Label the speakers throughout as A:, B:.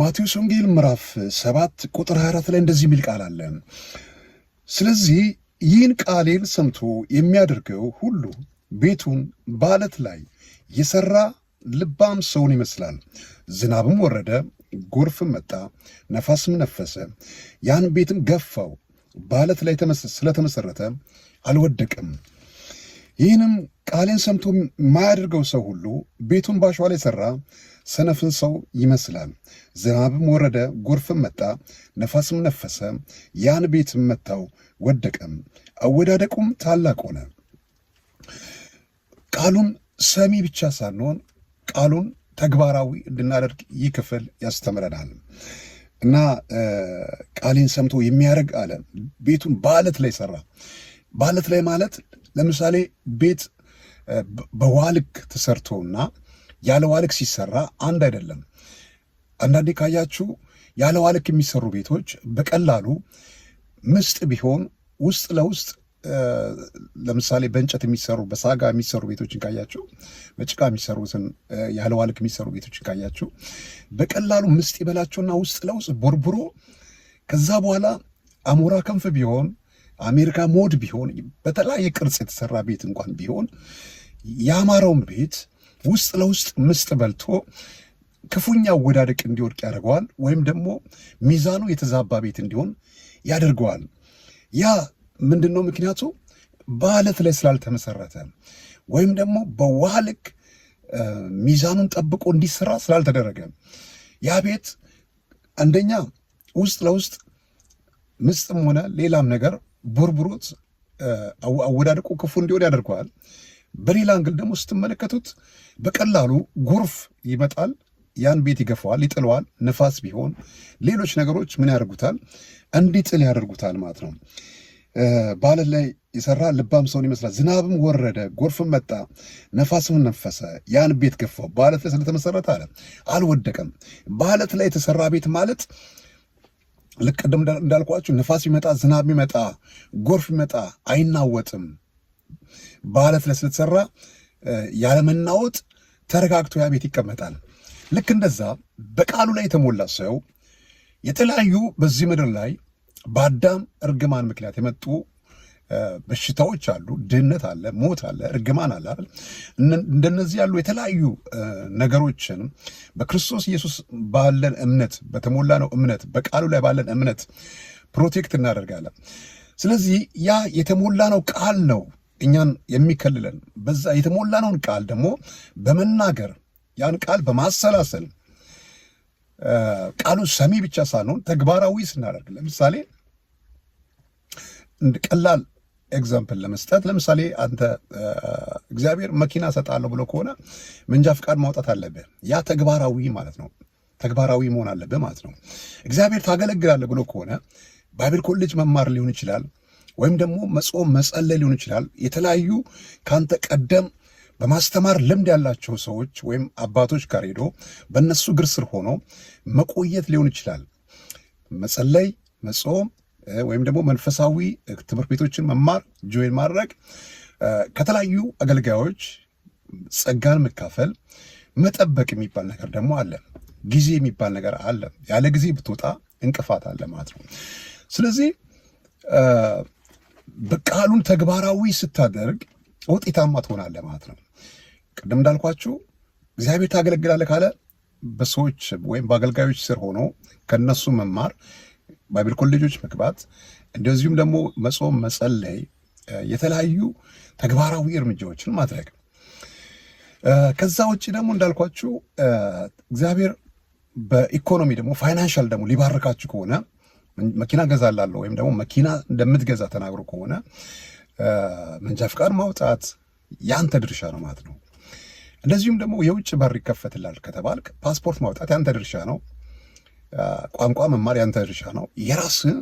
A: ማቴዎስ ወንጌል ምዕራፍ 7 ቁጥር 24 ላይ እንደዚህ የሚል ቃል አለ። ስለዚህ ይህን ቃሌን ሰምቶ የሚያደርገው ሁሉ ቤቱን በአለት ላይ የሰራ ልባም ሰውን ይመስላል። ዝናብም ወረደ፣ ጎርፍም መጣ፣ ነፋስም ነፈሰ፣ ያን ቤትም ገፋው። በአለት ላይ ስለተመሰረተ አልወደቅም ይህንም ቃሌን ሰምቶ የማያደርገው ሰው ሁሉ ቤቱን ባሸዋ ላይ ሠራ፣ ሰነፍን ሰው ይመስላል። ዝናብም ወረደ፣ ጎርፍም መጣ፣ ነፋስም ነፈሰ፣ ያን ቤትም መታው፣ ወደቀም፣ አወዳደቁም ታላቅ ሆነ። ቃሉን ሰሚ ብቻ ሳንሆን ቃሉን ተግባራዊ እንድናደርግ ይህ ክፍል ያስተምረናል። እና ቃሌን ሰምቶ የሚያደርግ አለ ቤቱን በአለት ላይ ሰራ። በአለት ላይ ማለት ለምሳሌ ቤት በዋልክ ተሰርቶና ያለ ዋልክ ሲሰራ አንድ አይደለም። አንዳንዴ ካያችሁ ያለ ዋልክ የሚሰሩ ቤቶች በቀላሉ ምስጥ ቢሆን ውስጥ ለውስጥ ለምሳሌ በእንጨት የሚሰሩ በሳጋ የሚሰሩ ቤቶችን ካያችሁ፣ በጭቃ የሚሰሩትን ያለ ዋልክ የሚሰሩ ቤቶችን ካያችሁ በቀላሉ ምስጥ ይበላቸውና ውስጥ ለውስጥ ቦርቡሮ ከዛ በኋላ አሞራ ክንፍ ቢሆን አሜሪካ ሞድ ቢሆን በተለያየ ቅርጽ የተሰራ ቤት እንኳን ቢሆን ያማረውን ቤት ውስጥ ለውስጥ ምስጥ በልቶ ክፉኛ ወዳደቅ እንዲወድቅ ያደርገዋል፣ ወይም ደግሞ ሚዛኑ የተዛባ ቤት እንዲሆን ያደርገዋል። ያ ምንድን ነው ምክንያቱ? በአለት ላይ ስላልተመሰረተ ወይም ደግሞ በውሃ ልክ ሚዛኑን ጠብቆ እንዲሰራ ስላልተደረገ ያ ቤት አንደኛ ውስጥ ለውስጥ ምስጥም ሆነ ሌላም ነገር ቦርቡሮት አወዳደቁ ክፉ እንዲሆን ያደርገዋል። በሌላ አንግል ደግሞ ስትመለከቱት በቀላሉ ጎርፍ ይመጣል፣ ያን ቤት ይገፋዋል፣ ይጥለዋል። ንፋስ ቢሆን ሌሎች ነገሮች ምን ያደርጉታል? እንዲጥል ያደርጉታል ማለት ነው። በዓለት ላይ የሰራ ልባም ሰውን ይመስላል። ዝናብም ወረደ፣ ጎርፍም መጣ፣ ነፋስም ነፈሰ፣ ያን ቤት ገፋው። በዓለት ላይ ስለተመሰረተ አለ አልወደቀም። በዓለት ላይ የተሰራ ቤት ማለት ልክ ቅድም እንዳልኳችሁ ነፋስ ቢመጣ፣ ዝናብ ቢመጣ፣ ጎርፍ ቢመጣ አይናወጥም። በአለት ላይ ስለተሰራ ያለመናወጥ ተረጋግቶ ያ ቤት ይቀመጣል። ልክ እንደዛ በቃሉ ላይ የተሞላ ሰው የተለያዩ በዚህ ምድር ላይ በአዳም እርግማን ምክንያት የመጡ በሽታዎች አሉ፣ ድህነት አለ፣ ሞት አለ፣ እርግማን አለ አይደል? እንደነዚህ ያሉ የተለያዩ ነገሮችን በክርስቶስ ኢየሱስ ባለን እምነት በተሞላ ነው እምነት በቃሉ ላይ ባለን እምነት ፕሮቴክት እናደርጋለን። ስለዚህ ያ የተሞላ ነው ቃል ነው እኛን የሚከልለን። በዛ የተሞላነውን ቃል ደግሞ በመናገር ያን ቃል በማሰላሰል ቃሉ ሰሚ ብቻ ሳንሆን ተግባራዊ ስናደርግ ለምሳሌ ቀላል ኤግዛምፕል ለመስጠት ለምሳሌ አንተ እግዚአብሔር መኪና ሰጣለሁ ብሎ ከሆነ መንጃ ፍቃድ ማውጣት አለብህ። ያ ተግባራዊ ማለት ነው፣ ተግባራዊ መሆን አለብህ ማለት ነው። እግዚአብሔር ታገለግላለህ ብሎ ከሆነ ባይብል ኮሌጅ መማር ሊሆን ይችላል፣ ወይም ደግሞ መጾም መጸለይ ሊሆን ይችላል። የተለያዩ ከአንተ ቀደም በማስተማር ልምድ ያላቸው ሰዎች ወይም አባቶች ጋር ሄዶ በእነሱ እግር ስር ሆኖ መቆየት ሊሆን ይችላል። መጸለይ፣ መጾም ወይም ደግሞ መንፈሳዊ ትምህርት ቤቶችን መማር ጆይን ማድረግ ከተለያዩ አገልጋዮች ጸጋን መካፈል መጠበቅ የሚባል ነገር ደግሞ አለ። ጊዜ የሚባል ነገር አለ። ያለ ጊዜ ብትወጣ እንቅፋት አለ ማለት ነው። ስለዚህ በቃሉን ተግባራዊ ስታደርግ ውጤታማ ትሆናለ ማለት ነው። ቅድም እንዳልኳችሁ እግዚአብሔር ታገለግላለ ካለ በሰዎች ወይም በአገልጋዮች ስር ሆኖ ከነሱ መማር ባይብል ኮሌጆች መግባት እንደዚሁም ደግሞ መጾም፣ መጸለይ፣ የተለያዩ ተግባራዊ እርምጃዎችን ማድረግ ከዛ ውጭ ደግሞ እንዳልኳችሁ እግዚአብሔር በኢኮኖሚ ደግሞ ፋይናንሻል ደግሞ ሊባርካችሁ ከሆነ መኪና ገዛላለሁ ወይም ደግሞ መኪና እንደምትገዛ ተናግሮ ከሆነ መንጃ ፍቃድ ማውጣት ያንተ ድርሻ ነው ማለት ነው። እንደዚሁም ደግሞ የውጭ በር ይከፈትላል ከተባልክ ፓስፖርት ማውጣት ያንተ ድርሻ ነው። ቋንቋ መማር ያንተ ድርሻ ነው። የራስህን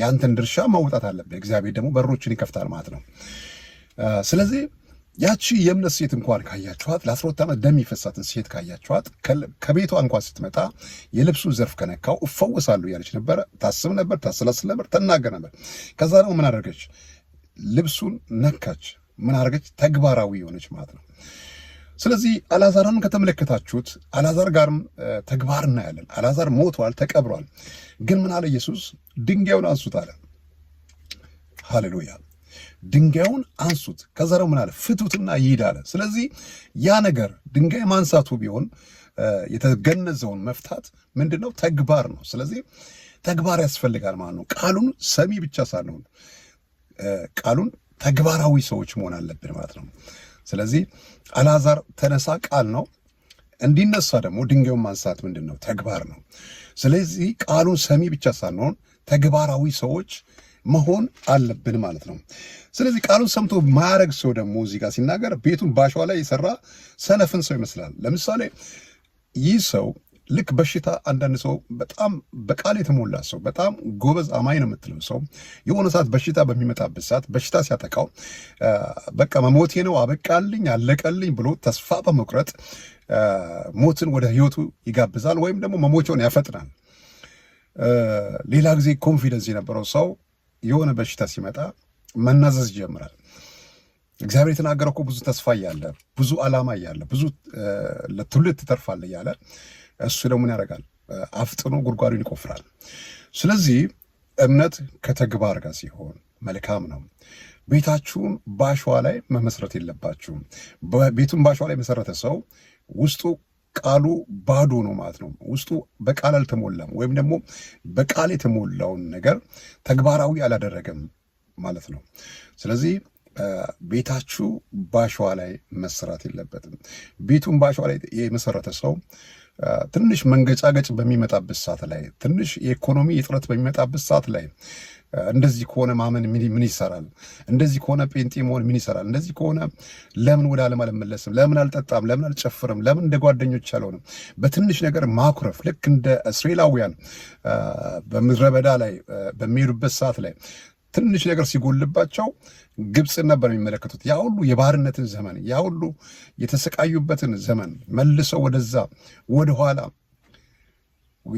A: ያንተን ድርሻ ማውጣት አለብህ። እግዚአብሔር ደግሞ በሮችን ይከፍታል ማለት ነው። ስለዚህ ያቺ የእምነት ሴት እንኳን ካያችኋት ለአስራ ሁለት ዓመት ደም ይፈሳትን ሴት ካያችኋት ከቤቷ እንኳን ስትመጣ የልብሱ ዘርፍ ከነካው እፈወሳለሁ እያለች ነበረ። ታስብ ነበር፣ ታሰላስል ነበር፣ ተናገር ነበር። ከዛ ደግሞ ምን አደረገች? ልብሱን ነካች። ምን አደረገች? ተግባራዊ የሆነች ማለት ነው። ስለዚህ አላዛርን ከተመለከታችሁት አላዛር ጋርም ተግባር እናያለን። አላዛር ሞቷል፣ ተቀብሯል። ግን ምን አለ ኢየሱስ? ድንጋዩን አንሱት አለ። ሃሌሉያ! ድንጋዩን አንሱት። ከዛ ደግሞ ምን አለ? ፍቱትና ይሂድ አለ። ስለዚህ ያ ነገር ድንጋይ ማንሳቱ ቢሆን የተገነዘውን መፍታት ምንድን ነው? ተግባር ነው። ስለዚህ ተግባር ያስፈልጋል ማለት ነው። ቃሉን ሰሚ ብቻ ሳንሆን ቃሉን ተግባራዊ ሰዎች መሆን አለብን ማለት ነው። ስለዚህ አላዛር ተነሳ ቃል ነው። እንዲነሳ ደግሞ ድንጋዩን ማንሳት ምንድን ነው? ተግባር ነው። ስለዚህ ቃሉን ሰሚ ብቻ ሳንሆን ተግባራዊ ሰዎች መሆን አለብን ማለት ነው። ስለዚህ ቃሉን ሰምቶ ማያረግ ሰው ደግሞ እዚህ ጋር ሲናገር ቤቱን ባሸዋ ላይ የሰራ ሰነፍን ሰው ይመስላል። ለምሳሌ ይህ ሰው ልክ በሽታ አንዳንድ ሰው በጣም በቃል የተሞላ ሰው በጣም ጎበዝ አማኝ ነው የምትለው ሰው የሆነ ሰዓት በሽታ በሚመጣበት ሰዓት በሽታ ሲያጠቃው በቃ መሞቴ ነው አበቃልኝ አለቀልኝ ብሎ ተስፋ በመቁረጥ ሞትን ወደ ህይወቱ ይጋብዛል ወይም ደግሞ መሞቸውን ያፈጥናል። ሌላ ጊዜ ኮንፊደንስ የነበረው ሰው የሆነ በሽታ ሲመጣ መናዘዝ ይጀምራል። እግዚአብሔር የተናገረው እኮ ብዙ ተስፋ እያለ ብዙ ዓላማ እያለ ብዙ ለትውልድ ትተርፋለ እያለ እሱ ደግሞ ያደርጋል? አፍጥኖ ጉድጓዱን ይቆፍራል። ስለዚህ እምነት ከተግባር ጋር ሲሆን መልካም ነው። ቤታችሁን በአሸዋ ላይ መመስረት የለባችሁም። ቤቱን ባሸዋ ላይ የመሰረተ ሰው ውስጡ ቃሉ ባዶ ነው ማለት ነው። ውስጡ በቃል አልተሞላም፣ ወይም ደግሞ በቃል የተሞላውን ነገር ተግባራዊ አላደረገም ማለት ነው። ስለዚህ ቤታችሁ ባሸዋ ላይ መሰራት የለበትም። ቤቱን ባሸዋ ላይ የመሰረተ ሰው ትንሽ መንገጫገጭ በሚመጣበት ሰዓት ላይ ትንሽ የኢኮኖሚ እጥረት በሚመጣበት ሰዓት ላይ እንደዚህ ከሆነ ማመን ምን ይሰራል? እንደዚህ ከሆነ ጴንጤ መሆን ምን ይሰራል? እንደዚህ ከሆነ ለምን ወደ ዓለም አልመለስም? ለምን አልጠጣም? ለምን አልጨፍርም? ለምን እንደ ጓደኞች አልሆንም? በትንሽ ነገር ማኩረፍ ልክ እንደ እስራኤላውያን በምድረ በዳ ላይ በሚሄዱበት ሰዓት ላይ ትንሽ ነገር ሲጎልባቸው ግብፅን ነበር የሚመለከቱት። ያ ሁሉ የባርነትን ዘመን ያ ሁሉ የተሰቃዩበትን ዘመን መልሰው ወደዛ ወደኋላ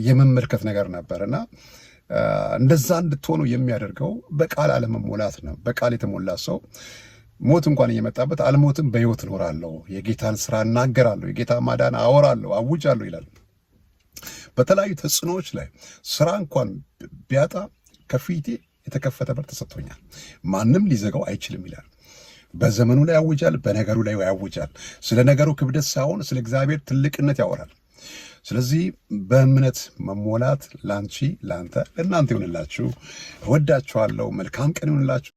A: የመመልከት ነገር ነበር እና እንደዛ እንድትሆኑ የሚያደርገው በቃል አለመሞላት ነው። በቃል የተሞላ ሰው ሞት እንኳን እየመጣበት አልሞትም፣ በህይወት እኖራለሁ፣ የጌታን ስራ እናገራለሁ፣ የጌታ ማዳን አወራለሁ፣ አውጃለሁ ይላል። በተለያዩ ተጽዕኖዎች ላይ ስራ እንኳን ቢያጣ ከፊቴ የተከፈተ በር ተሰጥቶኛል፣ ማንም ሊዘጋው አይችልም ይላል። በዘመኑ ላይ ያውጃል፣ በነገሩ ላይ ያውጃል። ስለ ነገሩ ክብደት ሳይሆን ስለ እግዚአብሔር ትልቅነት ያወራል። ስለዚህ በእምነት መሞላት ላንቺ፣ ላንተ፣ ለእናንተ ይሆንላችሁ። እወዳችኋለሁ። መልካም ቀን ይሆንላችሁ።